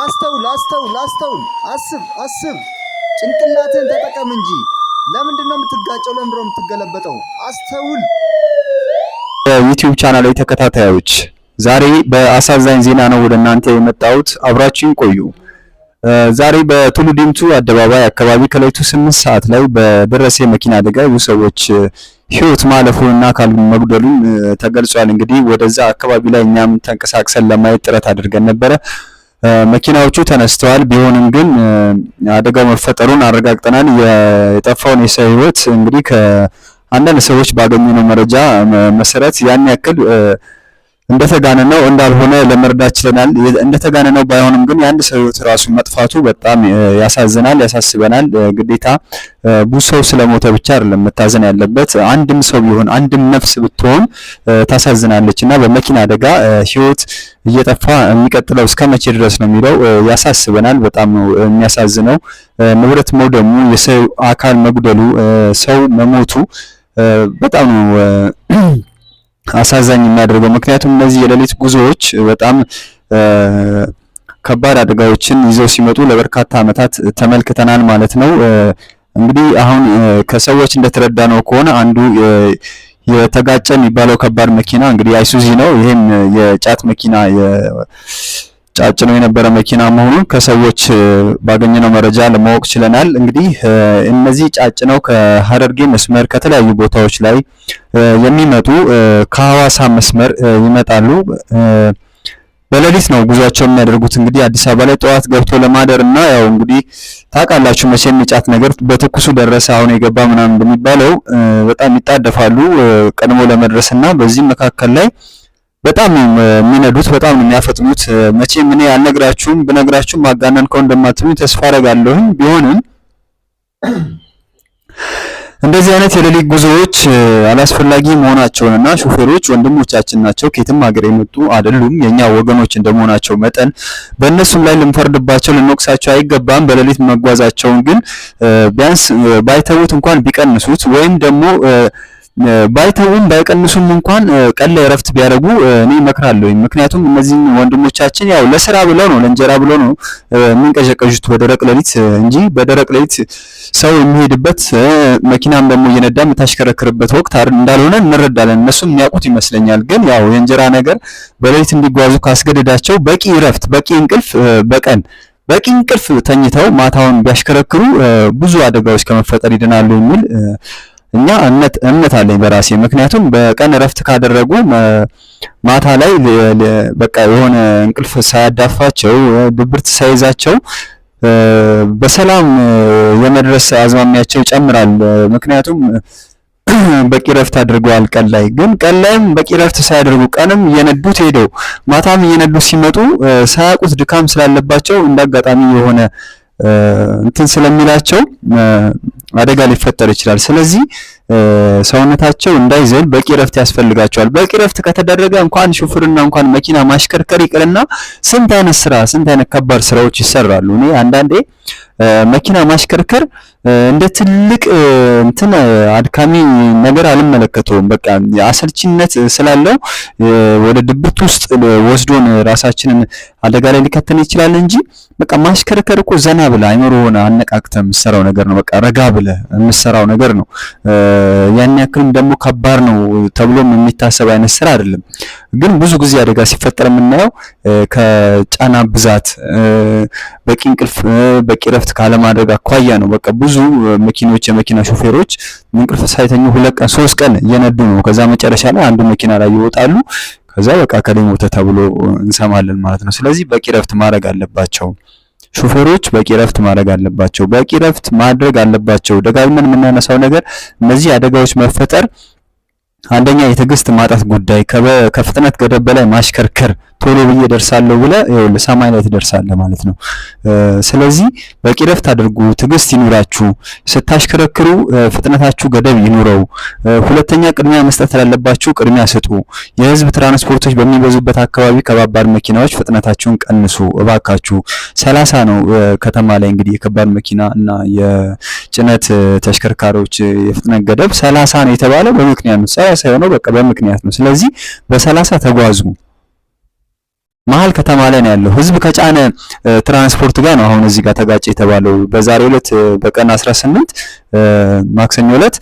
አስተውል አስተውል አስተውል። አስብ አስብ። ጭንቅላትን ተጠቀም እንጂ ለምንድን ነው የምትጋጨው? ለምንድን ነው የምትገለበጠው? አስተውል። በዩቲዩብ ቻናል ላይ ተከታታዮች ዛሬ በአሳዛኝ ዜና ነው ወደ እናንተ የመጣሁት። አብራችን ቆዩ። ዛሬ በቱሉ ዲምቱ አደባባይ አካባቢ ከሌሊቱ ስምንት ሰዓት ላይ በደረሰ መኪና አደጋ ብዙ ሰዎች ሕይወት ማለፉንና አካል መጉደሉን ተገልጿል። እንግዲህ ወደዛ አካባቢ ላይ እኛም ተንቀሳቅሰን ለማየት ጥረት አድርገን ነበረ። መኪናዎቹ ተነስተዋል። ቢሆንም ግን አደጋው መፈጠሩን አረጋግጠናል። የጠፋውን የሰው ህይወት እንግዲህ ከአንዳንድ ሰዎች ባገኘነው መረጃ መሰረት ያን ያክል እንደተጋነነው እንዳልሆነ ለመርዳት ችለናል። እንደተጋነነው ባይሆንም ግን የአንድ ሰው ህይወት ራሱ መጥፋቱ በጣም ያሳዝናል፣ ያሳስበናል። ግዴታ ብዙ ሰው ስለሞተ ብቻ አይደለም መታዘን ያለበት። አንድም ሰው ቢሆን አንድም ነፍስ ብትሆን ታሳዝናለች እና በመኪና አደጋ ህይወት እየጠፋ የሚቀጥለው እስከ መቼ ድረስ ነው የሚለው ያሳስበናል። በጣም ነው የሚያሳዝነው። ንብረት መውደሙ፣ የሰው አካል መጉደሉ፣ ሰው መሞቱ በጣም ነው አሳዛኝ የሚያደርገው። ምክንያቱም እነዚህ የሌሊት ጉዞዎች በጣም ከባድ አደጋዎችን ይዘው ሲመጡ ለበርካታ ዓመታት ተመልክተናል ማለት ነው። እንግዲህ አሁን ከሰዎች እንደተረዳ ነው ከሆነ አንዱ የተጋጨ የሚባለው ከባድ መኪና እንግዲህ አይሱዚ ነው። ይህም የጫት መኪና ጫጭነው የነበረ መኪና መሆኑን ከሰዎች ባገኘነው መረጃ ለማወቅ ችለናል። እንግዲህ እነዚህ ጫጭነው ከሀረርጌ መስመር ከተለያዩ ቦታዎች ላይ የሚመጡ ከሀዋሳ መስመር ይመጣሉ። በሌሊት ነው ጉዟቸው የሚያደርጉት። እንግዲህ አዲስ አበባ ላይ ጠዋት ገብቶ ለማደር እና ያው እንግዲህ ታውቃላችሁ መቼም የጫት ነገር በትኩሱ ደረሰ አሁን የገባ ምናምን እንደሚባለው በጣም ይጣደፋሉ ቀድሞ ለመድረስ እና በዚህም መካከል ላይ በጣም ነው የሚነዱት፣ በጣም ነው የሚያፈጥኑት። መቼም እኔ አልነግራችሁም፣ ብነግራችሁም ማጋነን ከሆነ እንደማትሉኝ ተስፋ አደርጋለሁኝ። ቢሆንም እንደዚህ አይነት የሌሊት ጉዞዎች አላስፈላጊ መሆናቸውንና ሹፌሮች ወንድሞቻችን ናቸው፣ ከየትም ሀገር የመጡ አይደሉም፣ የኛ ወገኖች እንደመሆናቸው መጠን በእነሱም ላይ ልንፈርድባቸው ልንወቅሳቸው አይገባም። በሌሊት መጓዛቸውን ግን ቢያንስ ባይተዉት እንኳን ቢቀንሱት ወይም ደግሞ ባይተውም ባይቀንሱም እንኳን ቀን ላይ እረፍት ቢያደርጉ እኔ እመክራለሁ። ምክንያቱም እነዚህን ወንድሞቻችን ያው ለስራ ብለው ነው ለእንጀራ ብለው ነው የሚንቀዠቀዡት በደረቅ ሌሊት እንጂ በደረቅ ሌሊት ሰው የሚሄድበት መኪናም ደግሞ እየነዳ የምታሽከረክርበት ወቅት እንዳልሆነ እንረዳለን። እነሱም የሚያውቁት ይመስለኛል። ግን ያው የእንጀራ ነገር በሌሊት እንዲጓዙ ካስገደዳቸው በቂ እረፍት፣ በቂ እንቅልፍ በቀን በቂ እንቅልፍ ተኝተው ማታውን ቢያሽከረክሩ ብዙ አደጋዎች ከመፈጠር ይድናሉ የሚል እኛ እምነት እምነት አለኝ በራሴ ምክንያቱም በቀን እረፍት ካደረጉ ማታ ላይ በቃ የሆነ እንቅልፍ ሳያዳፋቸው ድብርት ሳይዛቸው በሰላም የመድረስ አዝማሚያቸው ይጨምራል። ምክንያቱም በቂ ረፍት አድርገዋል። ቀን ላይ ግን ቀን ላይም በቂ ረፍት ሳያደርጉ ቀንም እየነዱት ሄደው ማታም እየነዱት ሲመጡ ሳያውቁት ድካም ስላለባቸው እንዳጋጣሚ የሆነ እንትን ስለሚላቸው አደጋ ሊፈጠር ይችላል። ስለዚህ ሰውነታቸው እንዳይዘል በቂ ረፍት ያስፈልጋቸዋል። በቂ ረፍት ከተደረገ እንኳን ሹፍርና እንኳን መኪና ማሽከርከር ይቅርና ስንት አይነት ስራ ስንት አይነት ከባድ ስራዎች ይሰራሉ። እኔ አንዳንዴ መኪና ማሽከርከር እንደ ትልቅ እንትን አድካሚ ነገር አልመለከተውም። በቃ አሰልችነት ስላለው ወደ ድብርት ውስጥ ወስዶን ራሳችንን አደጋ ላይ ሊከተን ይችላል እንጂ በቃ ማሽከርከር እኮ ዘና ብለ አይምሮ ሆነ አነቃቅተ የምሰራው ነገር ነው። በቃ ረጋ ብለ የምሰራው ነገር ነው። ያን ያክልም ደግሞ ከባድ ነው ተብሎም የሚታሰብ አይነት ስራ አይደለም። ግን ብዙ ጊዜ አደጋ ሲፈጠር የምናየው ከጫና ብዛት፣ በቂ እንቅልፍ፣ በቂ ረፍት ካለማድረግ አኳያ ነው። በቃ ብዙ መኪኖች የመኪና ሾፌሮች እንቅልፍ ሳይተኙ ሁለት ቀን ሶስት ቀን እየነዱ ነው። ከዛ መጨረሻ ላይ አንዱ መኪና ላይ ይወጣሉ። ከዛ በቃ ከሌ ሞተ ተብሎ እንሰማለን ማለት ነው። ስለዚህ በቂ ረፍት ማድረግ አለባቸው። ሹፌሮች በቂ ረፍት ማድረግ አለባቸው። በቂ ረፍት ማድረግ አለባቸው። ደጋግመን የምናነሳው ነገር እነዚህ አደጋዎች መፈጠር አንደኛ የትዕግስት ማጣት ጉዳይ፣ ከፍጥነት ገደብ በላይ ማሽከርከር ቶሎ ብዬ ደርሳለሁ ብለህ ይኸውልህ ሰማይ ላይ ትደርሳለህ ማለት ነው። ስለዚህ በቂ ረፍት አድርጉ፣ ትዕግስት ይኑራችሁ። ስታሽከረክሩ ፍጥነታችሁ ገደብ ይኑረው። ሁለተኛ ቅድሚያ መስጠት ላለባችሁ ቅድሚያ ስጡ። የህዝብ ትራንስፖርቶች በሚበዙበት አካባቢ ከባባድ መኪናዎች ፍጥነታችሁን ቀንሱ እባካችሁ። ሰላሳ ነው ከተማ ላይ እንግዲህ የከባድ መኪና እና የጭነት ተሽከርካሪዎች የፍጥነት ገደብ ሰላሳ ነው የተባለው በምክንያት ነው። ሰላሳ የሆነው በቃ በምክንያት ነው። ስለዚህ በሰላሳ ተጓዙ። መሀል ከተማ ላይ ነው ያለው። ህዝብ ከጫነ ትራንስፖርት ጋር ነው አሁን እዚህ ጋር ተጋጨ የተባለው። በዛሬ ዕለት በቀን 18 ማክሰኞ ዕለት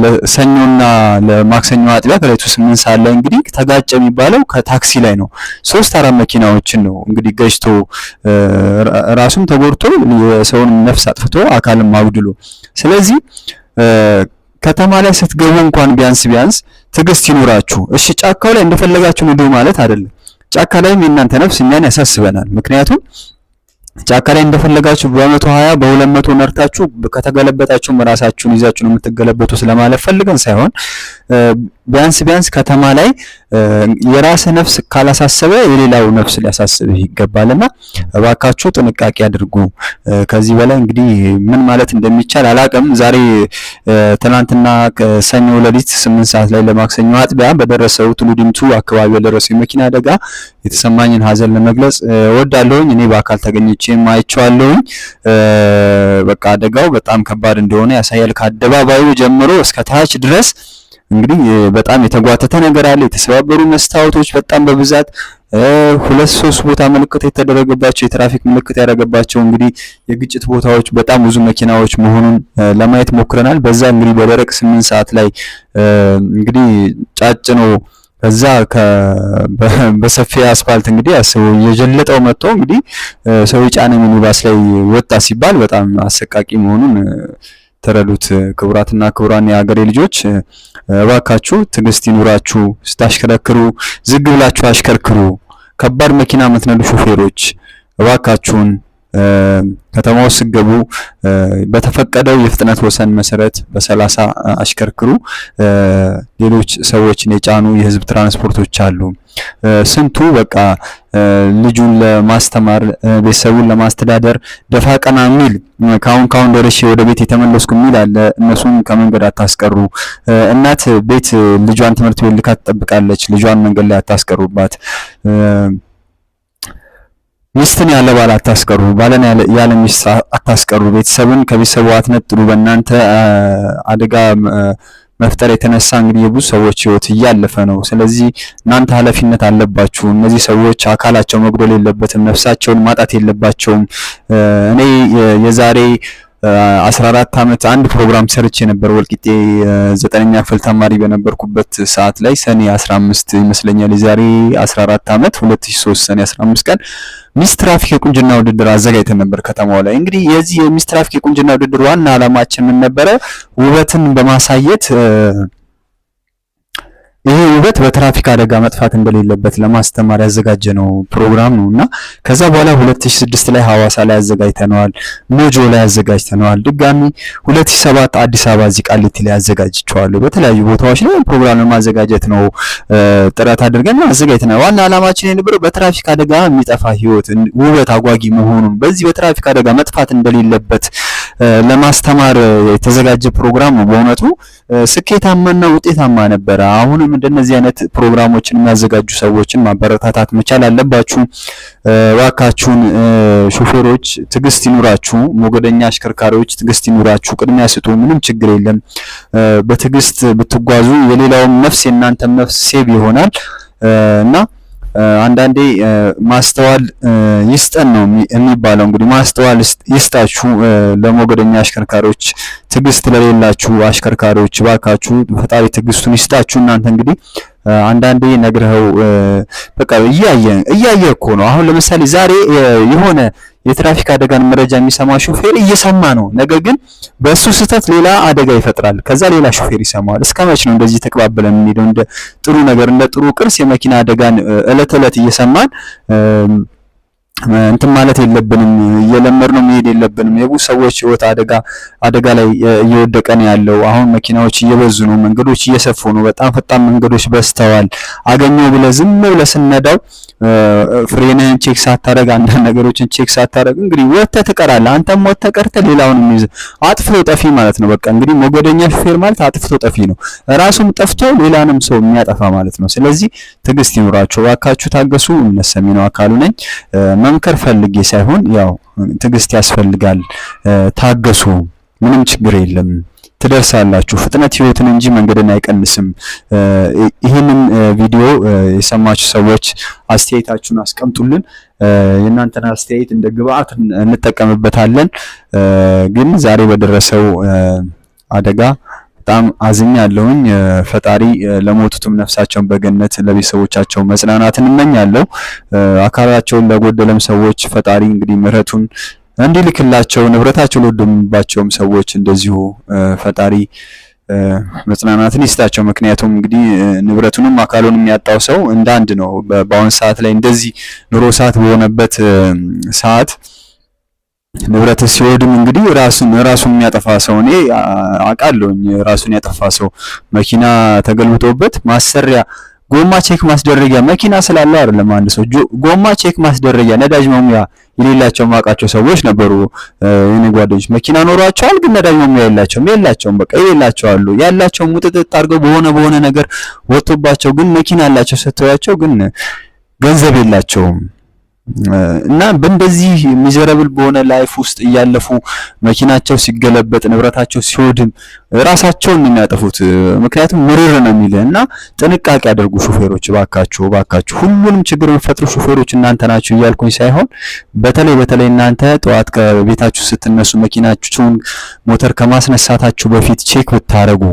ለሰኞና ለማክሰኞ አጥቢያ ከሌቱ ስምንት ሰዓት ላይ እንግዲህ ተጋጨ የሚባለው ከታክሲ ላይ ነው። ሶስት አራት መኪናዎችን ነው እንግዲህ ገጭቶ ራሱም ተጎድቶ የሰውን ነፍስ አጥፍቶ አካልም አጉድሎ። ስለዚህ ከተማ ላይ ስትገቡ እንኳን ቢያንስ ቢያንስ ትዕግስት ይኖራችሁ እሺ ጫካው ላይ እንደፈለጋችሁ ንዱ ማለት አይደለም። ጫካ ላይም የእናንተ ነፍስ እኛን ያሳስበናል። ምክንያቱም ጫካ ላይ እንደፈለጋችሁ በመቶ ሀያ በሁለት መቶ ነርታችሁ ከተገለበጣችሁም ራሳችሁን ይዛችሁ ነው የምትገለበጡ ስለማለት ፈልገን ሳይሆን ቢያንስ ቢያንስ ከተማ ላይ የራስ ነፍስ ካላሳሰበ የሌላው ነፍስ ሊያሳስብህ ይገባልና እባካችሁ ጥንቃቄ አድርጉ። ከዚህ በላይ እንግዲህ ምን ማለት እንደሚቻል አላቅም። ዛሬ ትናንትና ሰኞ ለሊት ስምንት ሰዓት ላይ ለማክሰኞ አጥቢያ በደረሰው ቱሉ ዲምቱ አካባቢ በደረሰው የመኪና አደጋ የተሰማኝን ሀዘን ለመግለጽ እወዳለሁኝ። እኔ በአካል ተገኝቼም አይቼዋለሁኝ። በቃ አደጋው በጣም ከባድ እንደሆነ ያሳያል። ከአደባባዩ ጀምሮ እስከ ታች ድረስ እንግዲህ በጣም የተጓተተ ነገር አለ። የተሰባበሩ መስታወቶች በጣም በብዛት ሁለት ሶስት ቦታ ምልክት የተደረገባቸው የትራፊክ ምልክት ያደረገባቸው እንግዲህ የግጭት ቦታዎች በጣም ብዙ መኪናዎች መሆኑን ለማየት ሞክረናል። በዛ እንግዲህ በደረቅ ስምንት ሰዓት ላይ እንግዲህ ጫጭ ነው። ከዛ በሰፊ አስፋልት እንግዲህ አስቡ የጀለጠው መጥቶ እንግዲህ ሰው የጫነ ሚኒባስ ላይ ወጣ ሲባል በጣም አሰቃቂ መሆኑን ተረዱት። ክቡራትና ክቡራን የሀገሬ ልጆች እባካችሁ ትዕግስት ይኑራችሁ። ስታሽከረክሩ ዝግ ብላችሁ አሽከርክሩ። ከባድ መኪና የምትነዱ ሾፌሮች እባካችሁን ከተማው ውስጥ ስገቡ በተፈቀደው የፍጥነት ወሰን መሰረት በሰላሳ አሽከርክሩ። ሌሎች ሰዎችን የጫኑ የህዝብ ትራንስፖርቶች አሉ። ስንቱ በቃ ልጁን ለማስተማር ቤተሰቡን ለማስተዳደር ደፋ ቀና የሚል ካሁን ካሁን ደርሼ ወደ ቤት የተመለስኩ የሚል አለ። እነሱን ከመንገድ አታስቀሩ። እናት ቤት ልጇን ትምህርት ቤት ልካ ትጠብቃለች። ልጇን መንገድ ላይ አታስቀሩባት። ሚስትን ያለ ባል አታስቀሩ፣ ባለን ያለ ሚስት አታስቀሩ። ቤተሰብን ከቤተሰቡ አትነጥሉ። በእናንተ አደጋ መፍጠር የተነሳ እንግዲህ የብዙ ሰዎች ህይወት እያለፈ ነው። ስለዚህ እናንተ ኃላፊነት አለባችሁ። እነዚህ ሰዎች አካላቸው መጉደል የለበትም፣ ነፍሳቸውን ማጣት የለባቸውም። እኔ የዛሬ 14 ዓመት አንድ ፕሮግራም ሰርቼ ነበር ወልቂጤ ዘጠነኛ ክፍል ተማሪ በነበርኩበት ሰዓት ላይ ሰኔ 15 ይመስለኛል የዛሬ 14 ዓመት 2003 ሰኔ 15 ቀን ሚስ ትራፊክ የቁንጅና ውድድር አዘጋጅተን ነበር ከተማው ላይ። እንግዲህ የዚህ የሚስ ትራፊክ የቁንጅና ውድድር ዋና ዓላማችን ምን ነበረ? ውበትን በማሳየት ይሄ ውበት በትራፊክ አደጋ መጥፋት እንደሌለበት ለማስተማር ያዘጋጀ ነው ፕሮግራም ነው እና ከዛ በኋላ 2006 ላይ ሐዋሳ ላይ አዘጋጅተነዋል፣ ሞጆ ላይ አዘጋጅተነዋል። ድጋሚ 2007 አዲስ አበባ እዚህ ቃሊቲ ላይ አዘጋጅቸዋለሁ። በተለያዩ ቦታዎች ላይ ፕሮግራም ለማዘጋጀት ነው ጥረት አድርገን አዘጋጅተናል። ዋና ዓላማችን የነበረው በትራፊክ አደጋ የሚጠፋ ህይወት ውበት አጓጊ መሆኑን በዚህ በትራፊክ አደጋ መጥፋት እንደሌለበት ለማስተማር የተዘጋጀ ፕሮግራም ነው። በእውነቱ ስኬታማና ውጤታማ ነበረ። አሁንም እንደነዚህ አይነት ፕሮግራሞችን የሚያዘጋጁ ሰዎችን ማበረታታት መቻል አለባችሁ። ዋካችሁን ሹፌሮች ትግስት ይኑራችሁ። ሞገደኛ አሽከርካሪዎች ትግስት ይኑራችሁ። ቅድሚያ ስጡ። ምንም ችግር የለም። በትዕግስት ብትጓዙ የሌላውም ነፍስ የእናንተም ነፍስ ሴብ ይሆናል እና አንዳንዴ ማስተዋል ይስጠን ነው የሚባለው። እንግዲህ ማስተዋል ይስጣችሁ ለሞገደኛ አሽከርካሪዎች፣ ትዕግስት ለሌላችሁ አሽከርካሪዎች ባካችሁ ፈጣሪ ትዕግስቱን ይስጣችሁ። እናንተ እንግዲህ አንዳንዴ ነግረኸው በቃ እያየ እያየ እኮ ነው። አሁን ለምሳሌ ዛሬ የሆነ የትራፊክ አደጋን መረጃ የሚሰማ ሹፌር እየሰማ ነው። ነገር ግን በእሱ ስህተት ሌላ አደጋ ይፈጥራል። ከዛ ሌላ ሹፌር ይሰማዋል። እስከ መች ነው እንደዚህ ተቀባበለ የምንሄደው? እንደ ጥሩ ነገር እንደ ጥሩ ቅርስ የመኪና አደጋን እለት እለት እየሰማን እንትን ማለት የለብንም እየለመድ ነው መሄድ የለብንም። የብዙ ሰዎች ህይወት አደጋ አደጋ ላይ እየወደቀ ነው ያለው። አሁን መኪናዎች እየበዙ ነው፣ መንገዶች እየሰፉ ነው። በጣም ፈጣን መንገዶች በዝተዋል። አገኘው ብለ ዝም ብለ ስነዳው ፍሬንህን ቼክ ሳታደርግ አንዳንድ ነገሮችን ቼክ ሳታደርግ እንግዲህ ወተ ትቀራለህ። አንተም ወተ ቀርተ ሌላውንም ይዘ አጥፍቶ ጠፊ ማለት ነው። በቃ እንግዲህ ሞገደኛ ሹፌር ማለት አጥፍቶ ጠፊ ነው፣ ራሱም ጠፍቶ ሌላንም ሰው የሚያጠፋ ማለት ነው። ስለዚህ ትግስት ይኑራቸው ባካችሁ። ታገሱ። ነው አካሉ ነኝ። መምከር ፈልጌ ሳይሆን ያው ትዕግስት ያስፈልጋል፣ ታገሱ፣ ምንም ችግር የለም ትደርሳላችሁ። ፍጥነት ህይወትን እንጂ መንገድን አይቀንስም። ይህንን ቪዲዮ የሰማችሁ ሰዎች አስተያየታችሁን አስቀምጡልን። የእናንተን አስተያየት እንደ ግብአት እንጠቀምበታለን። ግን ዛሬ በደረሰው አደጋ በጣም አዝኛ ያለሁኝ። ፈጣሪ ለሞቱትም ነፍሳቸውን በገነት ለቤተሰቦቻቸው መጽናናትን እመኛለሁ። አካላቸውን ለጎደለም ሰዎች ፈጣሪ እንግዲህ ምሕረቱን እንዲልክላቸው፣ ንብረታቸው ለወደሙባቸውም ሰዎች እንደዚሁ ፈጣሪ መጽናናትን ይስጣቸው። ምክንያቱም እንግዲህ ንብረቱንም አካሉን የሚያጣው ሰው እንደ አንድ ነው። በአሁን ሰዓት ላይ እንደዚህ ኑሮ ሰዓት በሆነበት ሰዓት ንብረት ሲወድም እንግዲህ ራሱን ራሱን የሚያጠፋ ሰው እኔ አውቃለሁኝ። ራሱን ያጠፋ ሰው መኪና ተገልብጦበት ማሰሪያ ጎማ ቼክ ማስደረጊያ መኪና ስላለው አይደለም። አንድ ሰው ጎማ ቼክ ማስደረጊያ ነዳጅ መሙያ የሌላቸው ማውቃቸው ሰዎች ነበሩ። የኔ ጓደኞች መኪና ኖሯቸዋል፣ ግን ነዳጅ መሙያ የላቸውም የላቸውም በቃ የሌላቸው አሉ። ያላቸው ሙጥጥጥ አድርገው በሆነ በሆነ ነገር ወጥቶባቸው፣ ግን መኪና አላቸው ሰጥተዋቸው፣ ግን ገንዘብ የላቸውም። እና በእንደዚህ ሚዘረብል በሆነ ላይፍ ውስጥ እያለፉ መኪናቸው ሲገለበጥ ንብረታቸው ሲወድም ራሳቸውን ነው የሚያጠፉት። ምክንያቱም ምርር ነው የሚል እና ጥንቃቄ አድርጉ ሹፌሮች፣ ባካችሁ ባካችሁ። ሁሉንም ችግር የምትፈጥሩ ሹፌሮች እናንተ ናችሁ እያልኩኝ ሳይሆን በተለይ በተለይ እናንተ ጠዋት ከቤታችሁ ስትነሱ መኪናችሁን ሞተር ከማስነሳታችሁ በፊት ቼክ ብታደርጉ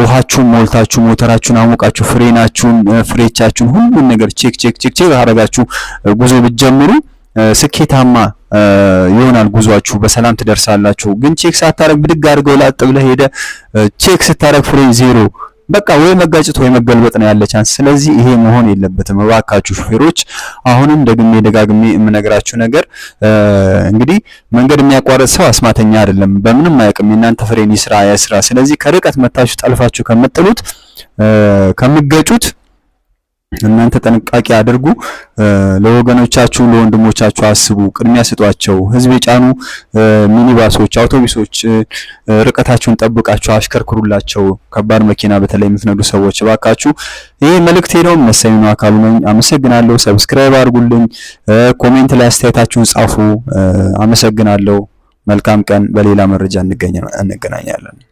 ውሃችሁን ሞልታችሁ ሞተራችሁን አሞቃችሁ ፍሬናችሁን ፍሬቻችሁን ሁሉን ነገር ቼክ ቼክ ቼክ ቼክ አረጋችሁ ጉዞ ብትጀምሩ ስኬታማ ይሆናል ጉዟችሁ፣ በሰላም ትደርሳላችሁ። ግን ቼክ ሳታረግ ብድግ አድርገው ላጥ ብለህ ሄደ ቼክ ስታረግ ፍሬ ዜሮ በቃ ወይ መጋጨት ወይ መገልበጥ ነው ያለ ቻንስ። ስለዚህ ይሄ መሆን የለበትም። እባካችሁ ሹፌሮች፣ አሁንም ደግሜ ደጋግሜ የምነግራችሁ ነገር እንግዲህ መንገድ የሚያቋርጥ ሰው አስማተኛ አይደለም፣ በምንም አያውቅም። የእናንተ ፍሬን ይስራ ያስራ። ስለዚህ ከርቀት መታችሁ ጠልፋችሁ ከምጥሉት ከሚገጩት እናንተ ጥንቃቄ አድርጉ። ለወገኖቻችሁ ለወንድሞቻችሁ አስቡ፣ ቅድሚያ ስጧቸው። ህዝብ የጫኑ ሚኒባሶች፣ አውቶቡሶች ርቀታችሁን ጠብቃችሁ አሽከርክሩላቸው። ከባድ መኪና በተለይ የምትነዱ ሰዎች እባካችሁ። ይህ መልእክት ነው። መሳኝ ነው አካሉ ነኝ። አመሰግናለሁ። ሰብስክራይብ አድርጉልኝ። ኮሜንት ላይ አስተያየታችሁን ጻፉ። አመሰግናለሁ። መልካም ቀን። በሌላ መረጃ እንገናኛለን።